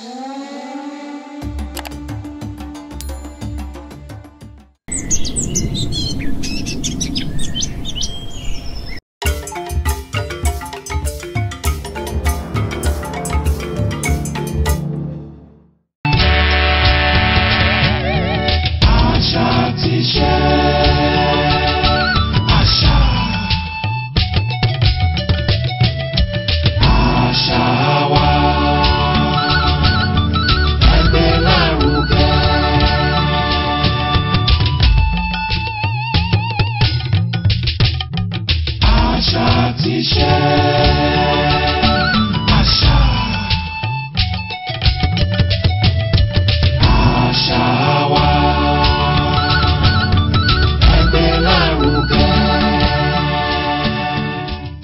Thank you.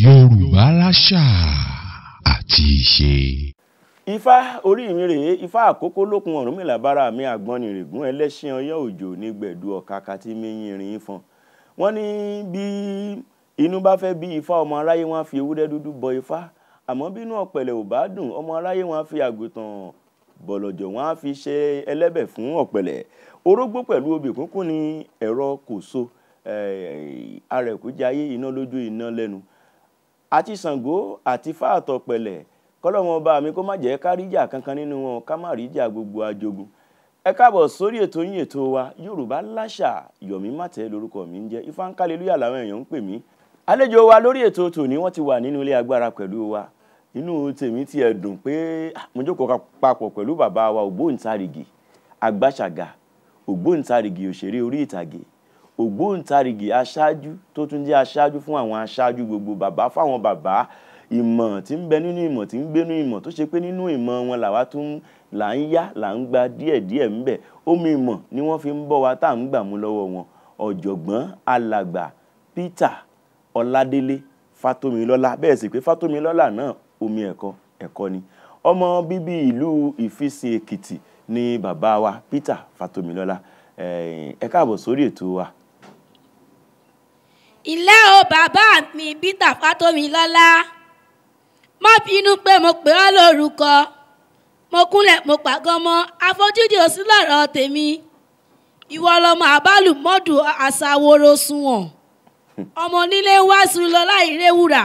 Yorùbá láṣà àti ìṣe. Ifá orí mi rèé Ifá àkókò lókun Ọ̀rúnmìlà bára mi àgbọnnìrègún ẹlẹ́ṣin ọyọ́ òjò ní gbẹ̀du ọ̀kàkà tí mi yin rìn fọn. wọ́n ní bí inú bá fẹ́ bí Ifá ọmọ aráyé wọn fi ewúrẹ́ dúdú bọ Ifá àmọ́ bínú ọ̀pẹ̀lẹ̀ ò bá dùn ọmọ aráyé wọn fi àgùntàn bọ̀lọ̀jọ̀ wọn á fi ṣe ẹlẹ́bẹ̀ fún ọ̀pẹ̀lẹ̀ orógbó pẹ̀lú obì kúnkún ni ẹ̀rọ kò so arẹ̀kú jayé iná lójú iná lẹ́nu àti Ṣàngó àti fáàtọ̀ pẹ̀lẹ̀ kọ́lọ́wọ́n ọba mi kó má jẹ́ ká ríjà kankan nínú wọn ká má ríjà gbogbo ajogun ẹ káàbọ̀ sórí ètò yín ètò wa Yorùbá Láṣà yomi Mátẹ́ lórúkọ mi ń jẹ́ Ifáńkálélúyà làwọn èèyàn ń pè mí àlejò wa lórí ètò tòní wọ́n ti wà nínú ilé agbára pẹ̀lú wa inú tèmi ti ẹ̀ dùn pé ah, mo jókòó papọ̀ pẹ̀lú bàbá wa ògbóǹtarìgì àgbàṣàgà ògbóǹtarìgì òṣèré orí ìtàgé ògbóǹtarìgì aṣáájú tó tún jẹ́ aṣáájú fún àwọn aṣáájú gbogbo bàbá fáwọn bàbá ìmọ̀ tí ń bẹ nínú ìmọ̀ tí ń gbénú ìmọ̀ tó ṣe pé nínú ìmọ̀ wọn làwa tún là ń yá là ń gba díẹ̀díẹ̀ ń bẹ omi ìmọ̀ ni wọ́n fi ń bọ́ wa tá à ń gbà mú lọ́wọ́ wọn ọ̀jọ̀gbọ́n alàgbà Peter Ọládélé Fátómilọ́lá bẹ́ẹ̀ sì pé Fátómilọ́lá náà omi ẹ̀kọ́ ẹ̀kọ́ ni ọmọ bíbí ìlú Ìfisìn Èkìtì ni bàbá wa Peter Fátómilọ́lá ẹ káàbọ̀ sórí ètò wa ilé o bàbá mi Peter Fátómilọ́lá má bínú pé mo pè ọ́ lórúkọ mo kúnlẹ̀ mo pàgọ́ mọ́ àfojúdi ò sí lọ́rọ̀ tèmi ìwọ lọmọ àbálùmọ́dù àṣàwòrò sunwọ̀n ọmọ onílé wá sí lọ láì réwúrà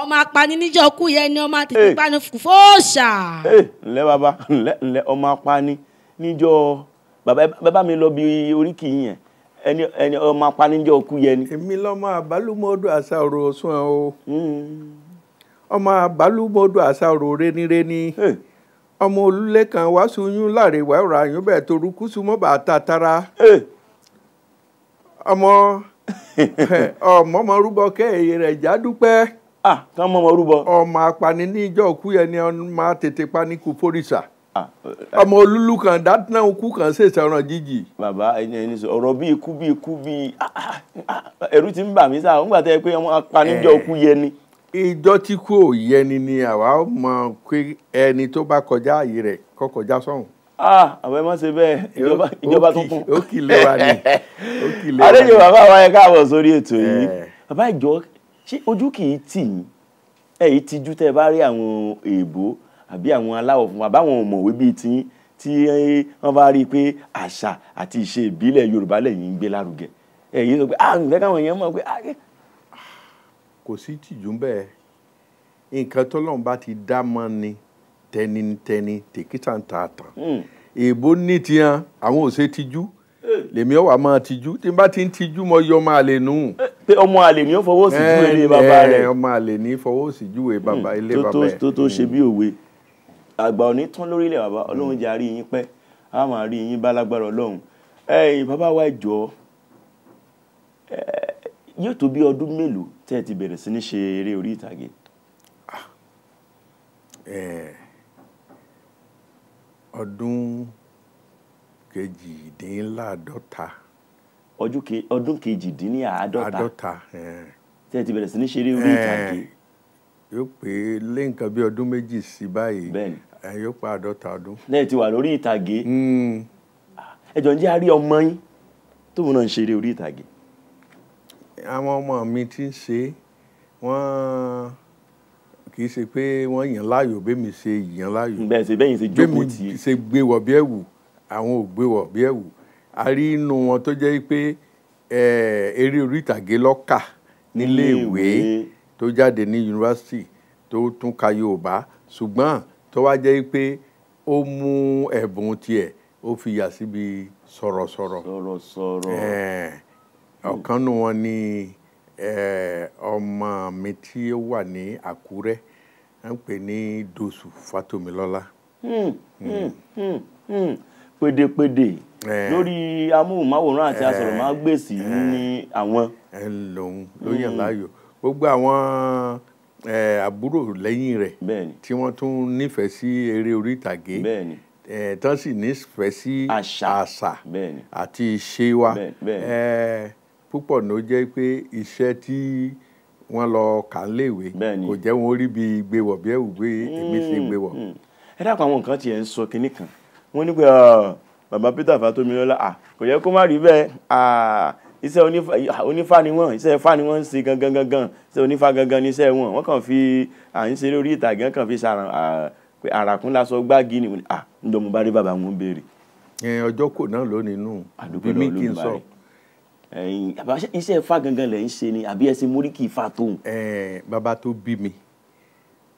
ọmọ apani níjọ kú yẹn ni ọmọ àti ìpanu fòóṣà. ǹlẹ́ bàbá ǹlẹ́ ọmọ apani níjọ bàbá mi lọ bí oríkì yẹn ẹni ọmọ apanijọ òkú yẹn ni. èmi lọ́mọ àbálùmọ́dù àṣà òrò ọ̀sùn o hmm. ọmọ àbálùmọ́dù àṣà òrò rénírẹ́ni ọmọ olùlẹ́kan wàásùyún láàrẹ̀wá ọ̀rọ̀ àyùn bẹ́ẹ̀ ọmọ eh, ọmọ ọmọ rúbọ kẹ́ẹ̀yẹ rẹ̀ ah, ọmọ apanijọ yẹn ni ọmọ tètè Ah, ọmọ olúlu kan dátínà okú kan ṣe ìṣẹ̀ràn jíjì. bàbá ẹni ẹni sọ ọ̀rọ̀ bí ikú bí ikú bí ah, ah, ẹ̀rù ti ń bà mí sáà nígbà tó yẹ pé ọmọ apanijọ́ okú eh, yẹ ni. ìjọ tí kò yẹni ni àwa mọ̀ pé ẹni tó bá kọjá àyè rẹ̀ kó kọjá sọ́hùn ah àwọn ẹ má ṣe bẹ́ẹ̀ ìjọba ìjọba tuntun ó kì í lé wa ni ó kì í lé wa ni adéjọ bàbá wa yẹ káàbọ̀ sórí ètò yìí eh. bàbá ìjọ ṣé ojú kì í tì yín ẹ àbí àwọn aláwọ̀ funfun àbáwọn òmọ̀wé bíi tiyín tí wọ́n bá rí i pé àṣà àti ìṣe ìbílẹ̀ yorùbá lẹ́yìn ń gbé lárugẹ ẹ̀yin sọ pé ah ǹfẹ́ káwọn èèyàn mọ̀ pé ah. kò sí tìjú bẹ́ẹ̀ nǹkan tọ́lọ́run bá ti dá mọ́ ni tẹnitẹni tèkítàntàtàn hmm. èèbó ní tiyan àwọn ò ṣe tijú eh. lèmi ọwà máa tijú tí n bá ti ń tijú mo yọ ọmọ àlè nù. pé ọmọ àlè ni fọwọ́ sí júwe eh, bàbá rẹ̀ eh, ọmọ àlè ni fọwọ́ sí júwe hmm. ilé bàbá rẹ̀ tó tó ṣe bí òwe àgbà òní tán lórílẹ̀ bàbá hmm. ọlọ́run jẹ́ àrí yín pẹ́ a máa rí yín bá lágbára ọlọ́run ẹ̀yin bàbá wa ìjọ yóò tó bí ọdún mélòó tẹ́ ẹ ti bẹ̀rẹ̀ sí ní ṣe eré orí ìtàgé. Ah. ọdún kejìdínláàádọ́ta. ọdún kejìdínláàádọ́ta tẹ́ ẹ ti bẹ̀rẹ̀ sí ní ṣe eré orí ìtàgé yóò pé lé nǹkan bí ọdún méjì sí báyìí bẹ́ẹ̀ni yóò pa àádọ́ta ọdún. lẹ́yìn tí wà lórí ìtàgé hmm. ah, ẹjọ́ ń jẹ́ àárí ọmọ yín tóun náà ń ṣeré orí ìtàgé. àwọn ọmọ mi ti ń ṣe wọ́n kì í ṣe pé wọ́n yàn láàyò bẹ́mi ṣe yàn láàyò bẹ́mi ṣe gbé wọ̀ bí ẹ̀wù àwọn ò gbé wọ̀ bí ẹ̀wù a rí inú wọn tó jẹ́ pé eré orí ìtàgé lọ́kà nílé tó jáde ní yunifásitì tó tún ka Yorùbá ṣùgbọ́n tó wá jẹ́ pé ó mú ẹ̀bùn tiẹ̀ ó fi yà síbi sọ̀rọ̀sọ̀rọ̀ sọ̀rọ̀sọ̀rọ̀ ọ̀kan nù wọn ni ọmọ mi tí ó wà ní Àkúrẹ́ à ń pè ní Dosu Fatomilọ́lá. Hmm, hmm, hmm. pédépédé lórí amóhùnmáwòrán àti asọ̀rọ̀mágbèsì ní àwọn. ẹ lòun ló yàn Mm gbogbo àwọn àbúrò lẹ́yìn rẹ̀ tí wọ́n tún nífẹ̀ẹ́ sí eré orí ìtàgé tán sì nífẹ̀ẹ́ sí àṣà àti ìṣe wa púpọ̀ ní ó jẹ́ pé iṣẹ́ tí wọ́n lọ kà ń léèwé kò jẹ́ wọn rí bí gbéwọ̀ bí ẹ̀wù gbé èmi ṣe gbéwọ̀. Mm-hmm. ẹ dákun àwọn nǹkan tiẹ̀ ń sọ kinní kan wọ́n ní pé ah, bàbá Peter Fatomilola ah, kò yẹ kó má rí bẹ́ẹ̀ ah, iṣẹ́ onífá ni wọ́n iṣẹ́ fá ni wọ́n ń ṣe gangan gangan iṣẹ́ onífá gangan ni iṣẹ́ wọn wọ́n kàn fi à ń ṣe lórí ìtàgé kàn fi ṣàràn àràkún lásọ gbági ni à ń dọ̀ mo bá rí bàbá wọn béèrè. ọjọ́ kò náà lónìí nù bí mi kì í sọ. iṣẹ́ fá gangan lẹ̀ ń ṣe ni àbí ẹsẹ̀ mórí kì í fà tóun. bàbá tó bí mi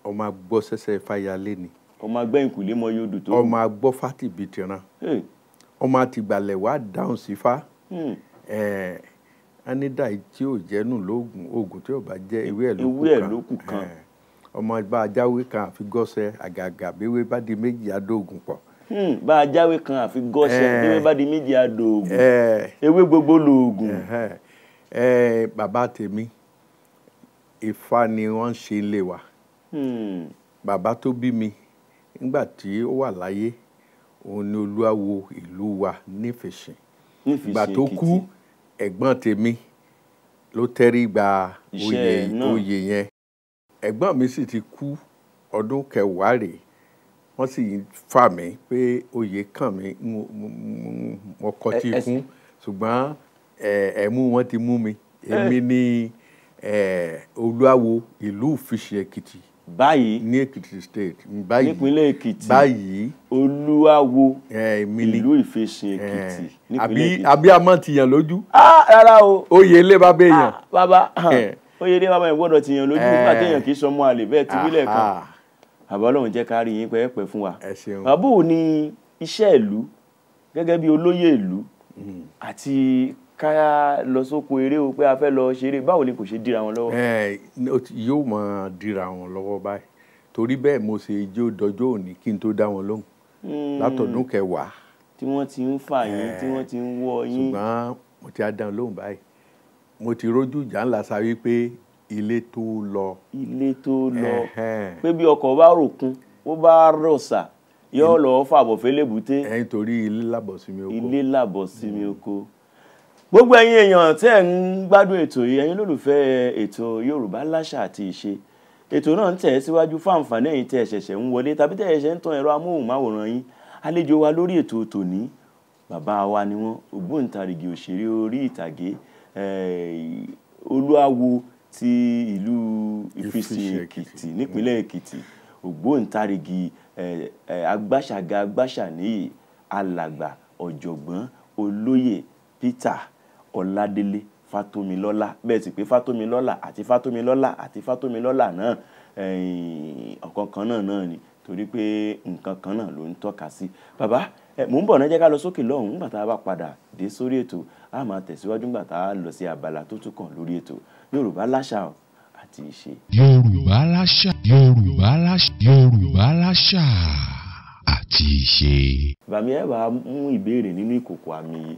ọmọ agbọ́ sẹ́sẹ́ fàyàlé ni. ọmọ agbẹ́yìn kùlé mọ yóò dùn tó. ọmọ agbọ́ fátìbìtìran ọmọ anida tí ò jẹ́nu lóògùn oògùn tí ò bá jẹ́ ewé ẹ̀ lókù kan ọmọ bá a jáwé kan àfi gọ́sẹ̀ àgàgà bíwé bá di méjì adóògùn pọ̀. Hmm, bá a jáwé kan àfi gọ́sẹ̀ bíwé bá di méjì adóògùn ewé gbogbo lóògùn. bàbá tèmi Ifá ni wọ́n ń ṣe ilé wa hmm. bàbá tó bí mi nígbà tí ó wà láyé òun ni olúawo ìlú wa nífẹ̀sìn ìgbà tó kú ẹ̀gbọ́n tèmi ló tẹ́rí gba oyè yẹn ẹ̀gbọ́n mi sì ti kú ọdún kẹwàá rèé wọ́n sì fà mí pé oyè kàn mí mo kọtí kún ṣùgbọ́n ẹ̀mú wọn ti mú mi èmi ni olúawo ìlú Ìfìṣì Èkìtì báyìí ní Èkìtì state báyìí nípínlẹ̀ Èkìtì báyìí Olúawo ìlú Ìfẹ̀sìn Èkìtì nípínlẹ̀ Èkìtì. àbí àmọ́ ti yàn lójú. rárá o oyè ilé bá bẹ́ẹ̀ yàn. bàbá oyè ah, ilé bàbá yẹn gbọ́dọ̀ ti yàn lójú nígbà téèyàn kì í sọmọ àlè bẹ́ẹ̀ ti wílẹ̀ kan ah, ah. bàbá Ọlọ́run jẹ́ ká rí yín pẹ́ẹ́pẹ́ fún wa. bàbá ò ní iṣẹ́ ìlú gẹ́gẹ́ bí olóyè ìlú hmm. àti ká lọ sóko eré o pé a fẹ́ lọ ṣeré báwo ni kò ṣe dira wọn lọ́wọ́. ẹ yóò máa dira wọn lọ́wọ́ báyìí torí bẹ́ẹ̀ mo ṣe jó dọjọ́ òní kí n tó dá wọn lóhùn hmm. látọ̀dún kẹwàá. tí wọ́n ti ń fà yín tí wọ́n ti ń wọ yín. ṣùgbọ́n mo ti á dá wọn lóhùn báyìí mo ti rójú ìjà ńlá sa wípé ilé tó lọ. ilé tó lọ pé bí ọkọ̀ bá ròkun ó bá rọ̀ṣà yóò lọ́ọ́ fàbọ̀ fẹ́lẹ́bùté. ẹ̀ ń torí ilé làbọ̀ sí mi oko. ilé làbọ̀ sí mi oko. Mm gbogbo ẹ̀yin èèyàn tẹ́ ẹ̀ ń gbádùn ètò yìí ẹ̀yin lólùfẹ́ ètò Yorùbá Láṣà àti Ìṣe ètò náà ń tẹ̀ ẹ́ síwájú fún àǹfààní ẹ̀yin tẹ́ ẹ ṣẹ̀ṣẹ̀ ń wọlé tàbí tẹ́ ẹ ṣẹ̀ ń tan ẹ̀rọ amóhùnmáwòrán yín àlejò wa lórí ètò tòní bàbá wa ni wọ́n ògbóǹtarìgì òṣèré orí ìtàgé eh, olúawo ti ìlú Ìfisì Èkìtì nípínlẹ̀ Èkìtì ògbóǹtarìgì eh, eh, agbáṣàga agbáṣàníyì alàgbà ọ̀jọ̀gbọ́n olóyè Peter ọ̀làdélé fátómilọ́lá bẹ́ẹ̀ sì pé fátómilọ́lá àti fátómilọ́lá àti fátómilọ́lá náà ọ̀kan kan náà náà ni torí pé nǹkan kan náà ló ń tọ́ka sí bàbá mò ń bọ̀ náà jẹ́ ká lọ sókè lọ́hùn nígbà tá a bá padà dé sórí ètò a máa tẹ̀síwájú nígbà tá a lọ sí abala tó tún kàn lórí ètò Yorùbá láṣà o àti ìṣe. Yorùbá láṣà Yorùbá láṣà Yorùbá láṣà àti ìṣe. bàmí ẹ wàá mú ìbéèrè nínú ìkòkò àmì yìí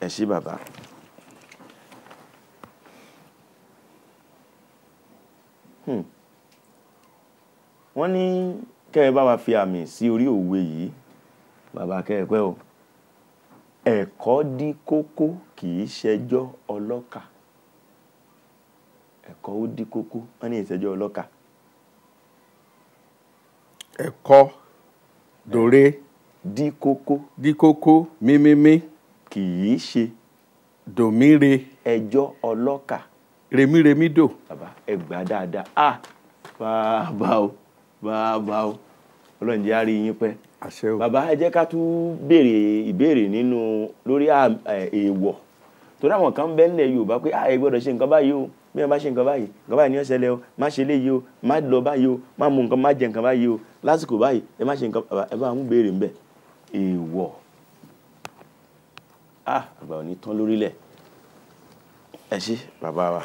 ẹ baba. bàbá. Hmm. wọ́n ní kẹ́ bá wa fi àmì sí orí òwe yìí bàbá kẹ́ ẹ pẹ́ o ẹ̀kọ́ dí kókó kì í ṣẹjọ́ ọlọ́kà ẹ̀kọ́ ó dí kókó wọ́n ní ìṣẹ́jọ́ ọlọ́kà. ẹ̀kọ́ dòré dí kókó dí kókó mímímí kì í ṣe dòmíre ẹjọ́ ọlọ́kà remíremídò bàbá ẹgbà dáadáa ah bàbá o bàbá o ọlọ́run jẹ́ àárí yín pẹ́ bàbá ẹ jẹ́ ká tún béèrè ìbéèrè nínú lórí èèwọ̀ torí àwọn kan bẹ́ẹ̀ nílẹ̀ Yorùbá pé ẹ gbọ́dọ̀ ṣe nǹkan báyìí o bí wọ́n bá ṣe nǹkan báyìí nǹkan báyìí ni ó ṣẹlẹ̀ o má ṣe léyìí o má lọ báyìí o má mu nǹkan má jẹ nǹkan báyìí o lásìkò báyìí ẹ má ṣe nǹkan ẹ bá mú béèrè ń bẹ̀ èèwọ̀ ah àgbà ò ní tán lórílẹ̀ ẹ ṣé bàbá wa.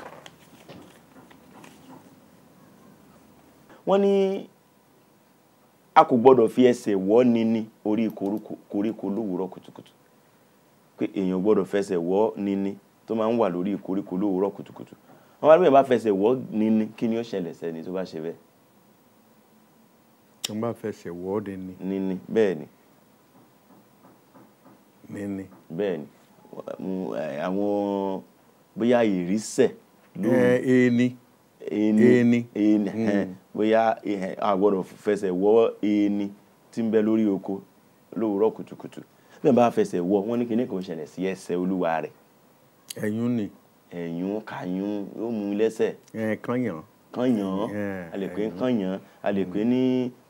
wọ́n ní a kò gbọ́dọ̀ fi ẹsẹ̀ wọ́ ni orí koríko lówùúrọ̀ kùtùkùtù pé èèyàn gbọ́dọ̀ fẹsẹ̀ wọ́ ni ní tó máa ń wà lórí koríko lówùúrọ̀ kùtùkùtù wọ́n bá bẹ́ẹ̀ bá fẹsẹ̀ wọ́ ni kí ni ó ṣẹlẹ̀ sẹ́ni tó bá ṣe bẹ́ẹ̀. tó bá fẹsẹ̀ wọ́ ni ní. bẹ́ẹ̀ ni. ni bẹ́ẹ̀ ni. àwọn bóyá ìrísẹ̀ lóru. ẹni ẹni ẹni bóyá àgbọ̀dọ̀ fẹsẹ̀ wọ ẹni tí ń bẹ lórí oko lówùúrọ̀ kùtùkùtù bí wọ́n bá fẹsẹ̀ wọ wọ́n ní kíní kan ṣẹlẹ̀ sí ẹsẹ̀ olúwa rẹ̀. ẹ̀yún ni. ẹ̀yún kàyún yóò mú lẹ́sẹ̀. ẹ̀ kànyàn kànyàn àlèkè kànyàn ní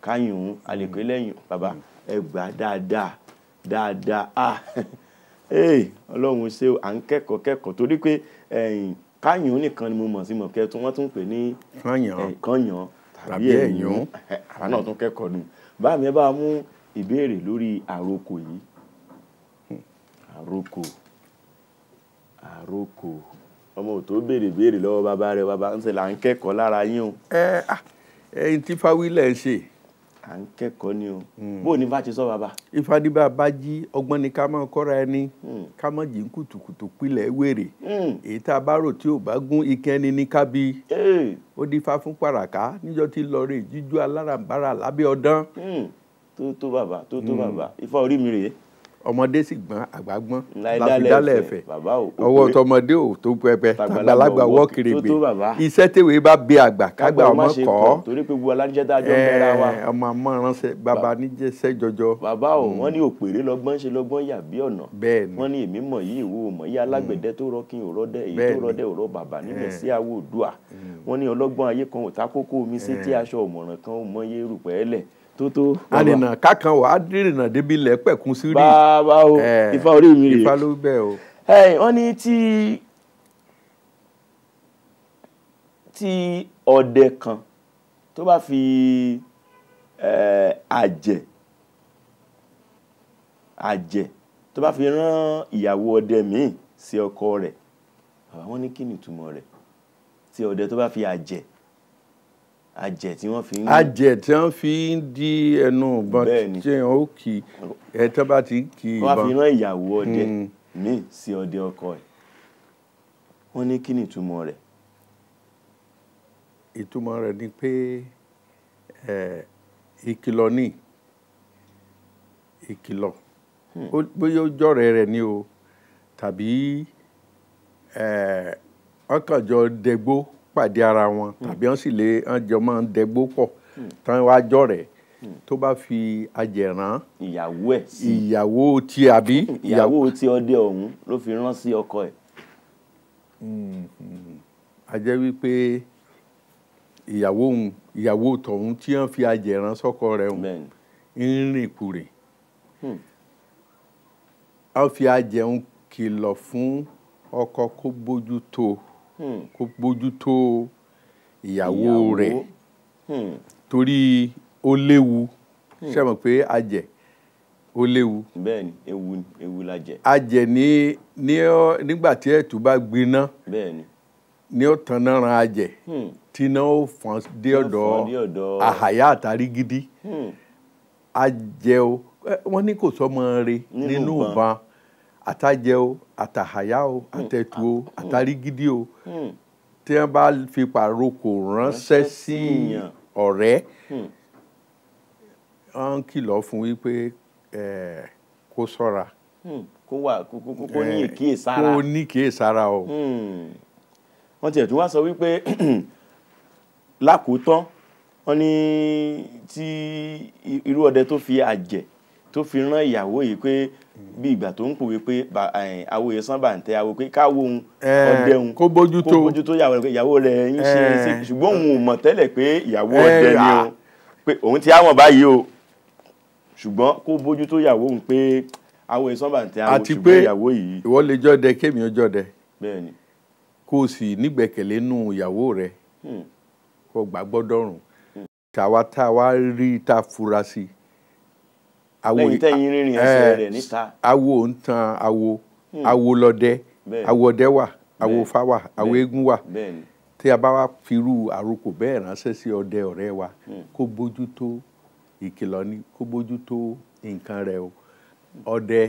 kàyún àlèkè lẹ́yìn hmm. bàbá hmm. ẹ dáadáa dáadáa ah ee ọlọ́run ṣe à ń kẹ́kọ̀ọ́ kẹ́kọ̀ọ́ torí pé káyàn nìkan ni mo mọ̀ sí mọ̀ tí wọ́n tún pè ní kànyàn tàbí ẹ̀yàn àrà náà tún kẹ́kọ̀ọ́ nù báàmì mi bá mú ìbéèrè lórí àrokò yìí hmm. àrokò àrokò ọmọ ò tó béèrè béèrè lọ́wọ́ bàbá rẹ bàbá ń ṣe là ń kẹ́kọ̀ọ́ lára yín o. ẹ ẹ ẹ ti fáwílẹ̀ ṣe. à ń kẹ́kọ̀ọ́ ni o hmm. bó o ní bá ti sọ bàbá. ìfadíbà bá jí ọgbọ́n ni ká máa kọ́ra ẹni hmm. ká máa jí kùtùkùtù pilẹ̀ wèrè hmm. èyí tá a bá rò tí ò bá gún ike ẹni ní kábí ó dífá fún pàràká níjọ́ tí lọ rè jíjú alárànbarà lábẹ́ ọdán. tó tó bàbá tó tó bàbá ifá orí mi rèé ọmọdé sì gbọ́n àgbà gbọ́n láfidálẹ̀ ẹ̀fẹ̀ ọwọ́ tọmọdé ò tó pẹpẹ tàgbàlagbà wọ́ kèrègbè iṣẹ́ tèwé bá bí àgbà kágbà ọmọ kọ́ ọmọ àmọ́ ránṣẹ́ bàbá níjẹsẹ́ jọjọ. bàbá o hmm. wọ́n ní òpèré lọ́gbọ́n ṣe lọ́gbọ́n yà bí ọ̀nà wọ́n ní èmi mọ̀ yìí ìwò mọ̀ yìí alágbẹ̀dẹ hmm. tó rọ kí n rọdẹ èyí tó rọdẹ ò rọ bàbá nílẹ̀ hmm. sí àwọ̀ òdùà wọ́n ní ọlọ́gbọ́n ayé kan ò ta kókó omi sétí aṣọ ọ̀mọ̀ràn kan ò mọyé rùpẹ́ẹ́lẹ̀ tó tó bàbá ànìnà kákan wà á dìrìnà débi ilẹ̀ pẹ̀kun sí rí bàbá o ìfà orí mi rè ìfà ló bẹ̀ o. wọ́n ní tí tí ọdẹ kan tó bá fi àjẹ́ àjẹ́ tó bá fi rán ìyàwó ọdẹ míì sí ọkọ rẹ̀ bàbá wọn ní kí ni ìtumọ̀ rẹ̀ tí ọdẹ tó bá fi àjẹ́ ajẹ tí wọ́n fi ń. ajẹ tí wọ́n fi ń di ẹnu ìbọn tí wọ́n ó kì í ẹ tó bá ti kì í ìbọn. wọ́n fi rán ìyàwó ọdẹ míì hmm. sí ọdẹ ọkọ ẹ̀ wọ́n ní kí ni ìtumọ̀ rẹ̀. ìtumọ̀ rẹ̀ ni pé ìkìlọ̀ ni ìkìlọ̀ hmm. bóyá ó jọ̀rẹ̀ rẹ̀ ni o tàbí ọkànjọ́ dẹgbó pàdé ara wọn hmm. tàbí wọ́n sì lè wọ́n jọ máa ń dẹgbó pọ̀ hmm. tán wá jọ̀rẹ́ hmm. tó bá fi ajẹ̀rán ìyàwó ẹ̀ sí ìyàwó ti àbí ìyàwó ti ọdẹ ọ̀hún ló fi rán sí ọkọ ẹ̀. a jẹ́ wípé ìyàwó òun ìyàwó tọ̀hún tí wọ́n fi ajẹ̀rán sọ́kọ rẹ̀ òun ń rìn kùrè a fi ajẹun kìlọ̀ fún ọkọ kó bójú tó o. Hmm. kó gbójú tó ìyàwó rẹ̀ hmm. torí ó léwu hmm. ṣe mọ̀ pé ajẹ̀ ó léwu. bẹ́ẹ̀ni ewu ni ewu la jẹ. ajẹ̀ ní nígbà tí ẹ̀tù bá gbiná. bẹ́ẹ̀ni ní ó tan náà ran ajẹ tí náà ó fọn dé ọ̀dọ̀ àhàyà àtàrí gidi ajẹ o wọn ní kò sọmọ rẹ̀ nínú ìbọn àtàjẹ o àtàhàyà o hmm. àtẹ̀tù o hmm. àtàrígídí o hmm. tí wọ́n bá fi pàrokò ránṣẹ́ sí ọ̀rẹ́ wọ́n kìlọ̀ fún wípé kó ṣọ́ra. kó wà kó ní ìkíyèsára kó ní ìkíyèsára o. wọ́n tiẹ̀ tún wá sọ wípé lákòótán wọ́n ní tí irú ọdẹ tó fi àjẹ́ tó fi rán ìyàwó yìí pé bí ìgbà tó ń pòwe pé awoye sanba ń tẹ awo pé káwo ń ọdẹ ń kó bójú tó bójú tó ìyàwó rẹ ń ṣe ṣùgbọ́n òun ò mọ̀ tẹ́lẹ̀ pé ìyàwó ọdẹ ni o pé òun ti àwọn báyìí o ṣùgbọ́n kó bójú tó ìyàwó òun pé awoye sanba ń tẹ awo ṣùgbọ́n ìyàwó yìí. àti pé ìwọ lè jọdẹ kémi ó jọdẹ kó o sì nígbẹ́kẹ̀lé nù ìyàwó rẹ hmm. kó gbàgbọ́ tàwa tá rí tá fura sí i lẹ́yìn tẹ́yìn rìnrìn ẹsẹ̀ rẹ̀ níta. awo ń tan awo hmm. awo lọdẹ awo ọdẹ wà awo fa wà awo eégún wà tí a bá wá firú àrokò bẹ́ẹ̀ ránṣẹ́ sí ọdẹ ọ̀rẹ́ wa hmm. kó bójú tó ìkìlọ̀ ni kó bójú tó nǹkan rẹ̀ o ọdẹ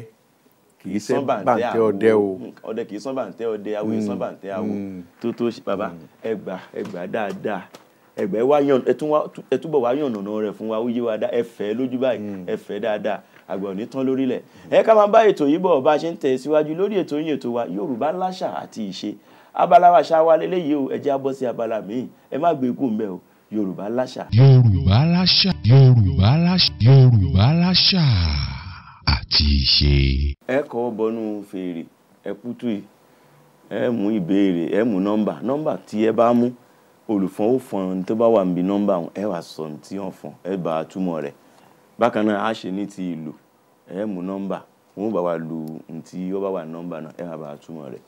kì í sán bàǹtẹ́ ọdẹ o hmm. ọdẹ kì í sán bàǹtẹ́ ọdẹ awo kì í bàǹtẹ́ awo tó tó bàbá ẹgbàá ẹgbàá dáadáa ẹgbẹ́ wa yan ẹtúbọ̀ wa yan ọ̀nà rẹ̀ fún wa ó yé wa dá ẹfẹ́ lójú báyìí hmm. ẹfẹ́ dáadáa àgbà òní tán lórílẹ̀ ẹ ká máa bá ètò yìí bọ̀ bá a ṣe ń tẹ̀ síwájú lórí ètò yìí ètò wa Yorùbá láṣà àti ìṣe abala wa ṣáwa lélẹ́yìí o ẹ jẹ́ abọ́ sí abala míì ẹ má gbé e kú mbẹ́ o Yorùbá láṣà. Yorùbá láṣà Yorùbá láṣà Yorùbá láṣà àti ìṣe. ẹ kọ́ bọnú fèrè ẹ kútù ẹ mú ìbéèrè ẹ mú nọ́mbà nọ́mbà tí ẹ bá mú olùfọ́n ó fọn ní tó bá wà níbi nọ́mbà ọ̀hún ẹ wà sọ ní tí wọ́n fọn ẹ bá a túmọ̀ rẹ̀ bákan náà a ṣe ní ti ìlú ẹ mú nọ́mbà wọn ó bá wa lu ní tí ó bá wà nọ́mbà náà ẹ wà bá a túmọ̀ rẹ̀.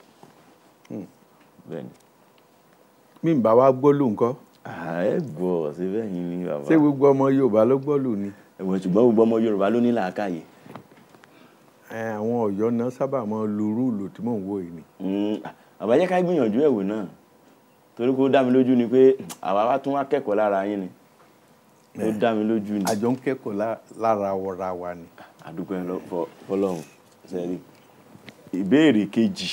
Hmm. mi ń bá wa gbọ́ lù ńkọ́. ẹ gbọ́ ṣe bẹ́ẹ̀ ni bàbá. ṣé gbogbo ọmọ Yorùbá ló gbọ́ lù ni. ẹ̀wọ̀n ṣùgbọ́n gbogbo ọmọ Yorùbá ló ní làákàyè àwọn Ọ̀yọ́ náà sábà máa lu rúùlù tí mò ń wò yìí ni. Hmm, àbájá ká gbìyànjú ẹ̀wò náà torí kó dá mi lójú ni pé àwa wá tún wá kẹ́kọ̀ọ́ lára yín ni ó dá mi lójú ni. àjọ ń kẹ́kọ̀ọ́ lára wọra wa ni. àdúgbò yẹn fọlọ́run sẹ́rí ìbéèrè kejì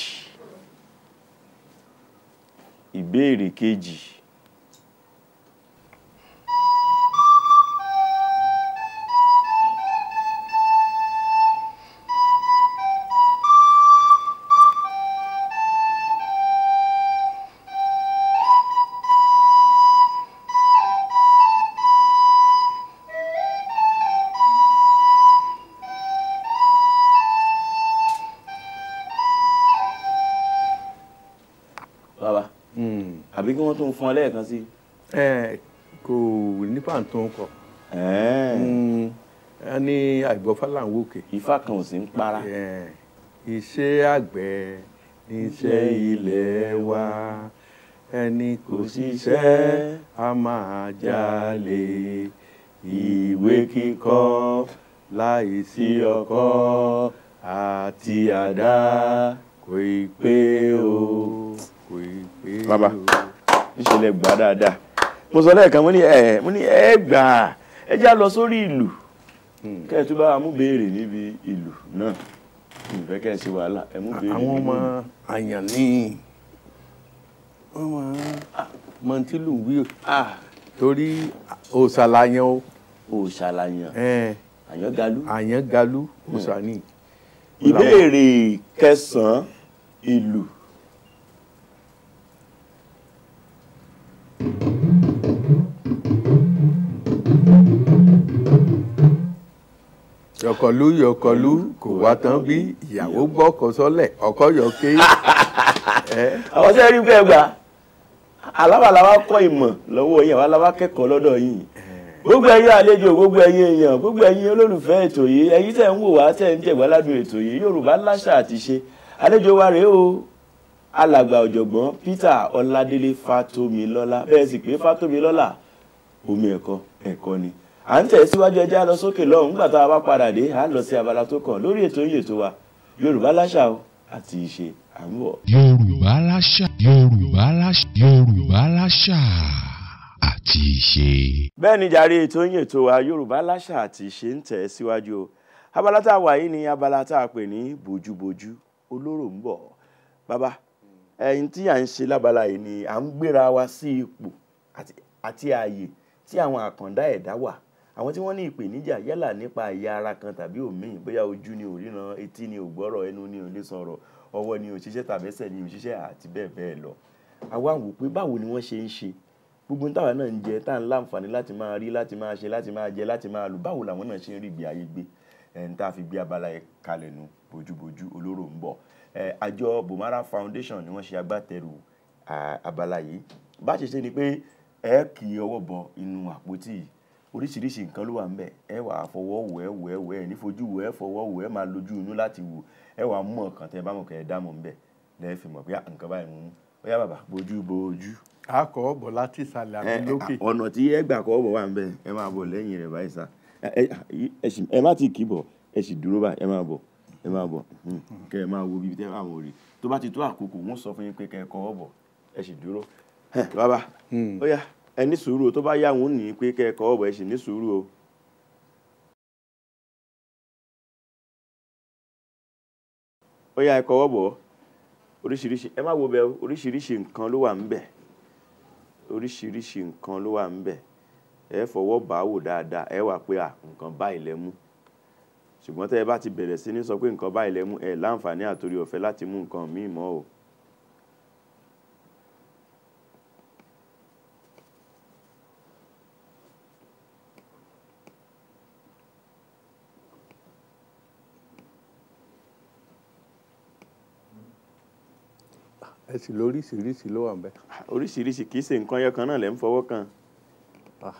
ìbéèrè kejì. wọ́n tún fún ọ lẹ́ẹ̀kan sí. kò ní pàǹtó ń kọ hmm, a ní àìgbọ́fàlàwọ̀ òkè. ifá kan ò sí ń para. iṣẹ́ àgbẹ̀ níṣẹ́ ilé wa ẹni kò ṣiṣẹ́ a máa jalè ìwé kíkọ láìsí ọkọ àti àdá kò ì pé o kò ì pé o ìṣẹ̀lẹ̀ gbà dáadáa mo sọ lẹ́ẹ̀kan mo ní ẹ mo ní ẹ gbà ẹ já lọ sórí ìlú hmm. kẹ́ ẹ tún bá mú béèrè níbi ìlú náà ìfẹ́ kẹ́ ẹ ṣe wàhálà ẹ mú béèrè níbi ìlú. àwọn ọmọ àyàn ní ọmọ mọ̀ntìlù wí torí òṣàlàyàn o. òṣàlàyàn àyàn galú. àyàn galú òṣàní. Hmm. ìbéèrè kẹsàn ìlú yọkọlú yọkọlú kò wá tán bí ìyàwó gbọ́kọ̀ sọ́lẹ̀ ọkọ yọ ké. àwọn sẹ́yìn rí pé gbà alábàláwá kọ́ ìmọ̀ lọ́wọ́ yẹn wà láwá kẹ́kọ̀ọ́ lọ́dọ̀ yìí gbogbo ẹ̀yin àlejò gbogbo ẹ̀yin èèyàn gbogbo ẹ̀yin olólùfẹ́ ètò yìí ẹ̀yin tẹ̀ ń wò wá tẹ̀ ń jẹ̀gbá ládùn ètò yìí Yorùbá láṣà àti ṣe àlejò wa rèé o alàgbà ọ̀jọ̀gbọ́n Peter Ọládélé Fátómilọ́lá bẹ́ẹ̀ sì pé Fátómilọ́lá omi ẹ̀kọ́ ẹ̀kọ́ ni à ń tẹ̀síwájú ẹjẹ́ lọ sókè lọ́hùn nígbà tá a bá padà dé a lọ sí abala tó kàn lórí ètò yìí ètò wa Yorùbá láṣà o àti ìṣe àmúwọ̀. Yorùbá láṣà Yorùbá láṣà Yorùbá láṣà àti ìṣe. bẹ́ẹ̀ ni jàre ètò yìí ètò wa Yorùbá láṣà àti ìṣe ń tẹ̀ síwájú o abala tá a wà yìí ni abala tá a pè ní bójúbójú olóró ń bọ̀ bàbá ẹyin tí à ń ṣe lábala yìí ni à ń gbéra wa sí ipò àti ààyè tí àwọn àkàndá ẹ̀dá wà àwọn tí wọ́n ní ìpèníjà yálà nípa ẹ̀yà ara kan tàbí òmíì bóyá ojú ni ò ríran etí ni ò gbọ́rọ̀ ẹnu ni ò lè sọ̀rọ̀ ọwọ́ ni ò ṣiṣẹ́ tàbẹ́sẹ̀ ni ò ṣiṣẹ́ àti bẹ́ẹ̀ bẹ́ẹ̀ lọ àwa wò pé báwo ni wọ́n ṣe ń ṣe gbogbo táwa náà ń jẹ tá à ń láǹfààní láti máa rí láti máa ṣe láti máa jẹ láti máa lò báwo làwọn náà ṣe ń rí ìgbé ayé gbé ẹni tá a fi gbé abala yẹn kalẹ̀ nu bójúbójú olóró ń bọ̀ àjọ Bomara Foundation ni wọ́n ṣe agbátẹrù abala yìí bá ṣe ṣe ni pé ẹ kì í ọwọ́ bọ inú àpótí yìí oríṣiríṣi nǹkan ló wà ńbẹ̀ ẹ wàá fọwọ́ wò ẹ wò ẹ wò ẹ nífojú wò ẹ fọwọ́ wò ẹ máa lójú inú láti wò ẹ wàá mú ọkàn tẹ bá mọ̀ kẹ́ ẹ dá mọ̀ ńbẹ̀ lẹ́ẹ̀ fi mọ̀ pé ah, nǹkan báyìí mú ó yá bàbá bójú bójú. a kọ ọ bọ láti ìsàlẹ̀ àbí lókè. ọ̀nà tí ẹ gbà kọ ọ bọ̀ wà ńbẹ̀ ẹ máa bọ̀ lẹ́yìn rẹ̀ báyìí sá ẹ má ti kì í bọ̀ ẹ sì dúró báyìí ẹ máa bọ̀ ẹ máa bọ̀ hmm. kẹ́ ẹ máa wo bíbi tẹ́ ẹ máa tó bá ti tó àkókò wọ́n sọ fún yín pé kẹ́ ẹ kọ ọ bọ̀ ẹ sì dúró bàbá hmm. ó yá ẹ ní sùúrù tó bá yà wọ́n ní pé kẹ́kọ̀ọ́ ọ̀bọ̀ ẹ sì ní sùúrù o. ó yá ẹ̀kọ́ ọ̀bọ̀ oríṣiríṣi ẹ má wo bẹ oríṣiríṣi nǹkan ló wà ń bẹ̀ oríṣiríṣi nǹkan ló wà ń bẹ̀ ẹ fọwọ́ bá wò dáadáa ẹ wà pé à nǹkan báyìí lẹ mú ṣùgbọ́n tẹ́ ẹ bá ti bẹ̀rẹ̀ sí ní sọ pé nǹkan báyìí lẹ mú ẹ láǹfààní àtòrí ọ̀fẹ́ láti mú nǹkan míì mọ́ o. ẹ̀sìn lóríṣiríṣi ló wà ń bẹ. Ah, oríṣiríṣi kì í ṣe nǹkan ẹyọ kan náà lẹ́ ń fọwọ́ kàn. Ah.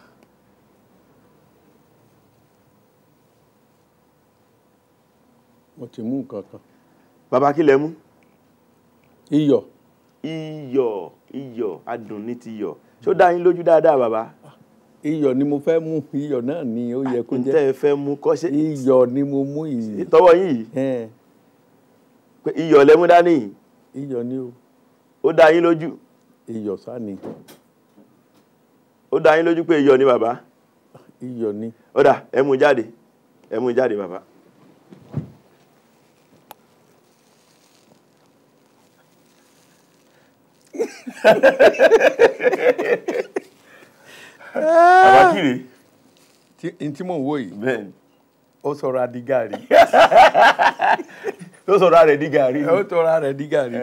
mo ti mú nǹkan kan. bàbá kí lẹ mú. iyọ̀. iyọ̀ iyọ̀ adùn ní ti yọ̀ ṣó dá yín lójú dáadáa bàbá. Ah, iyọ̀ ni mo fẹ́ mú iyọ̀ náà ni ó yẹ kó jẹ́. ǹtẹ́ ẹ fẹ́ mú kọ́ ṣe. iyọ̀ ni mo mú yìí. tọwọ́ yìí. iyọ̀ lẹ mú dání. iyọ̀ ni o ó dá yín lójú iyọ̀ sá ni ó dá yín lójú pé iyọ̀ ni bàbá iyọ̀ ni ó dà ẹ mú jáde ẹ mú jáde bàbá bàbá kiri tí mo wò yìí ó sọ̀rọ̀ adigari sọ sọra rẹ̀ di gàrí. ó sọra rẹ̀ di gàrí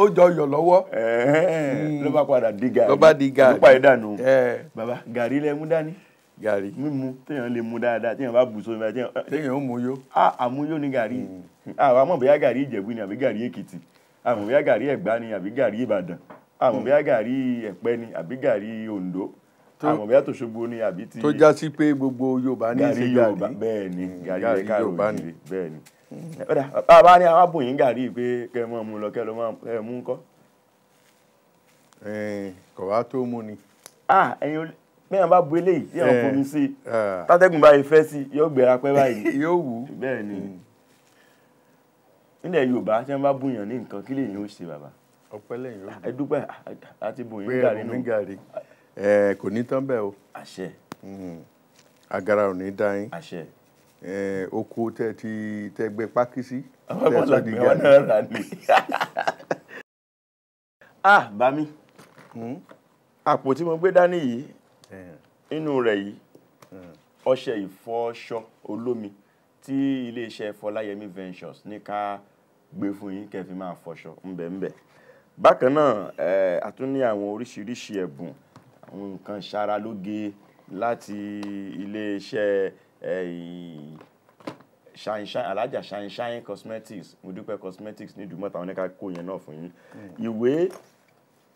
ó jọ yọ lọ́wọ́. ló bá padà di gàrí ló di gàrí ìdànù baba gàrí lẹ mú dání gàrí mímu téèyàn lè mú dáadáa téèyàn bá bù sómi bá eh, téèyàn ó yó. a àmúyó ni gàrí hmm. àwọn gàrí ìjẹ̀bú àbí gàrí èkìtì gàrí ẹ̀gbá àbí gàrí ìbàdàn gàrí ẹ̀pẹ́ àbí gàrí àmọ̀bíyá tó ṣogbo ni àbí ti. tó já sí pé gbogbo yorùbá ní ìṣe mm. gàrí bẹ́ẹ̀ ni gàrí rẹ̀ káàró ìjìrì bẹ́ẹ̀ ni. bàbá ní àwọn abòyìn gàrí pé kẹ́ ẹ mọ́ mu lọ kẹ́ ẹ lọ mọ́ mú kọ́. kò wá tó mú ni. ẹyin mẹ́rin bá bu eléyìí tí àwọn fomi sí tátẹ́gùn báyìí fẹ́ sí yóò gbéra pẹ́ báyìí. yóò wù. bẹ́ẹ̀ ni mm. nílẹ̀ yorùbá tí wọ́n bá bùyàn ní nǹkan kí lèyìn ó ṣe bàbá. ọpẹ́ lẹ́yìn ó dúpẹ́ àti bùyìn gàrí nù kò ní tán bẹ́ẹ̀ o. àṣẹ. Hmm. agara ò ní dá yín. àṣẹ. oko tẹ ti tẹ gbẹ pákí sí. àwọn ọmọ ìgbà wọn náà ah bá mi hmm. àpò tí mo gbé dání yìí inú rẹ̀ yìí hmm. ọṣẹ ìfọṣọ olómi tí iléeṣẹ́ Fọláyẹmí Ventures ní ká gbé fún yín kẹ́ fi máa fọṣọ ńbẹ̀ńbẹ̀ bákan náà a tún ní àwọn oríṣiríṣi ẹ̀bùn nǹkan ìṣaralóge láti iléeṣẹ́ ṣàìṣàì alájà ṣàìṣàì cosmetics mudupẹ cosmetics ní ìdúmọ̀tà wọn ní ká kó yẹn náà fún yín ìwé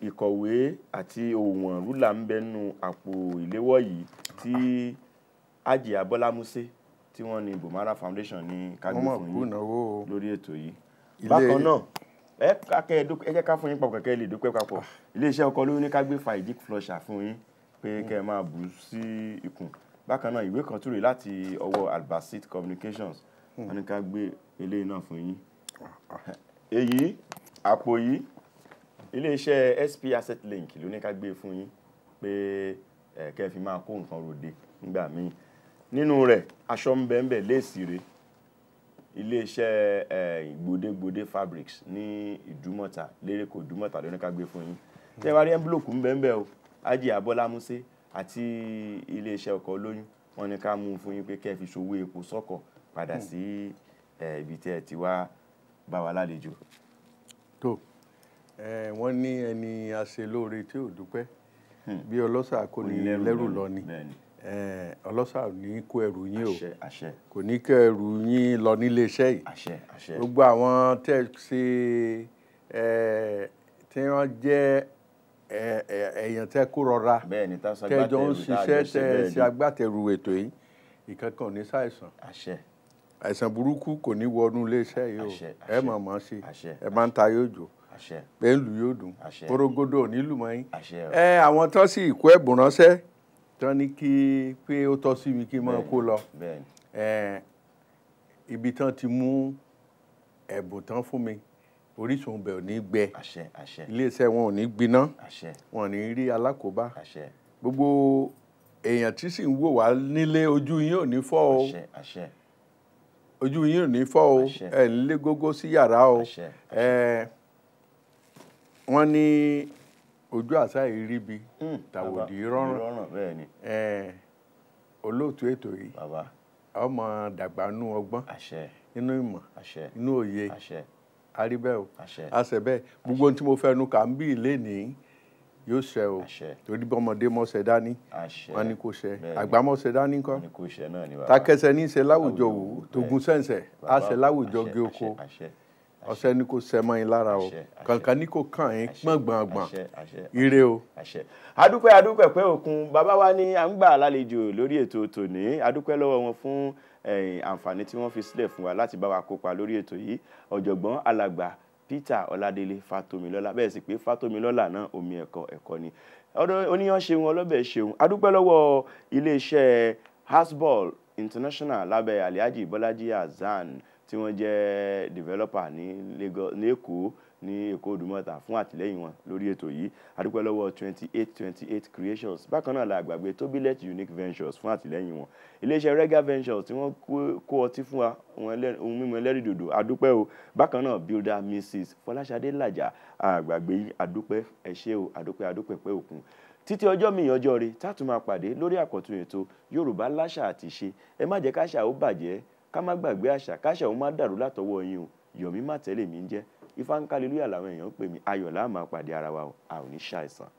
ìkọ̀wé àti òwọ̀n rúlà ń bẹnu àpò ìléwọ́ yìí tí ajì abọ́lámúsé tí wọ́n ní bomara foundation ní kágbé fún yín lórí ètò yìí bákan náà ẹ kákẹ́ ẹ jẹ́ ká fún yín papọ̀ kẹ̀kẹ́ lè dúpẹ́ papọ̀ iléeṣẹ́ ọkọ ló ní ká gbé fàìdík flusher fún yín pé kẹ́ ẹ máa bù ú sí ikùn bákan náà ìwé kan tún rèé láti ọwọ́ Albasit Communications wọn ní ká gbé eléyìí náà fún yín èyí àpò yìí iléeṣẹ́ SP Asset Link ló ní ká gbé fún yín pé kẹ́ ẹ fi máa kó nǹkan ròde nígbà míì nínú rẹ̀ aṣọ ń bẹ́ẹ̀ ń bẹ́ẹ̀ léèsì rèé iléeṣẹ́ ìgbòdegbòde eh, fabrics ní ìdúmọ̀tà lérèkò ìdúmọ̀tà lónìí ká gbé fún yín tẹ́ wá rí ẹ́ńbílòkù ń bẹ́ẹ̀ o ajé abọ́lá musé àti iléeṣẹ́ ọkọ̀ olóyún wọn ni ká mú un fún yín pé kẹ́ ẹ fi ṣòwò epo sọ́kọ̀ padà hmm. sí eh, ibi tẹ́ ẹ ti wá bá wa lálejò. tó eh, wọ́n ní ẹni aṣelóore tí ò dúpẹ́ hmm. bí ọlọ́ṣà kò ní lẹ́rù lọ ni. Eh, ọlọ́sà ò ní kó ẹrù yín o kò ní kó ẹrù yín lọ nílé iṣẹ́ yìí gbogbo àwọn tẹ́ ṣe tí wọ́n jẹ́ èèyàn tẹ́ kó rọra tẹ́ jọ ń ṣiṣẹ́ tẹ́ ṣe agbátẹrù ètò yìí ìkankan ò ní ṣàìsàn àìsàn burúkú kò ní wọnú iléeṣẹ́ yìí o ẹ mọ̀ mọ́ sí ẹ máa ń ta yóò jò pé ń lù yóò dùn porogodo ò ní lù mọ́ yín ẹ eh, àwọn tó sì kó ẹ̀bùn ránṣẹ́ tán ní kí pé ó tọ́ sí mi kí n máa kó lọ ibi tán ti mú ẹ̀bùn tán fún mi orísun ọbẹ̀ ò ní gbẹ iléeṣẹ́ wọn ò ní gbiná wọn ò ní rí alákòóbá gbogbo èèyàn tí sì ń wò wá nílé ojú yín ò ní fọ́ o ojú yín ò ní fọ́ o ẹ̀ ń lé gógó sí yàrá o wọ́n ní ojú àṣà ìríbi hmm, tàwòdì rọrùn olóòtú ètò yìí ọmọ dàgbà nú ọgbọ́n inú ìmọ̀ inú òye aríbẹ̀ o àṣẹbẹ̀ gbogbo ohun tí mo fẹ́ nu kà ń bí ilé nìyí yóò ṣe o torí bí ọmọdé mọ̀ọ́sẹ̀ dání wọn ni kò ṣe àgbà mọ̀ọ́sẹ̀ dání kọ́ takẹsẹ̀ ní í ṣe láwùjọ wò tó gun sẹ́ǹsẹ̀ á ṣe láwùjọ gé oko ọṣẹ ni kò ṣẹ mọ́ yín lára o kàǹkà ni kò kàn yín pọ́n gbàngbàn ire o. adúpẹ́ adúpẹ́ pé òkun bàbá wa ní à ń gbà lálejò lórí ètò tòní adúpẹ́ lọ́wọ́ wọn fún eh, àǹfààní tí wọ́n fi sílẹ̀ fún wa láti bá wa kópa lórí ètò yìí ọ̀jọ̀gbọ́n alàgbà Peter Ọládélé Fátómilọ́lá bẹ́ẹ̀ sì pé Fátómilọ́lá náà omi ẹ̀kọ́ ẹ̀kọ́ ni oníyàn ọlọ́bẹ̀ ṣeun adúpẹ́ lọ́wọ́ iléeṣẹ́ hasball international lábẹ́ Alhaji Bọ́lájí azan tí wọ́n jẹ́ developer ní Lagos ní Èkó ní Èkó Òdùmọ̀tà fún àtìlẹ́yìn wọn lórí ètò yìí adúpẹ́ lọ́wọ́ twenty eight twenty eight creations bákan náà la àgbàgbé tobilet unique ventures fún àtìlẹ́yìn wọn iléeṣẹ́ rega ventures tí wọ́n kó ọtí fún wa ohun mímu ẹlẹ́rìndòdò adúpẹ́ o bákan náà builder mrs fọláṣadé làjà àgbàgbé adúpẹ́ ẹ ṣé o adúpẹ́ adúpẹ́ pẹ́ òkun títí ọjọ́ mi ìyànjọ́ rẹ̀ tá a tún máa pàdé lórí àkọ́tún ètò Yorùbá láṣà àti ẹ má jẹ́ káṣà ó bàjẹ́ ká má gbàgbé àṣà káṣà òun má dàrú látọwọ́ yín o yọ̀mí má tẹ́lẹ̀ mi ń jẹ́ ifá ń kálílúyà làwọn èèyàn ń pè mí ayọ̀ láàmú àpàdé ara wa ò ní ṣàìsàn.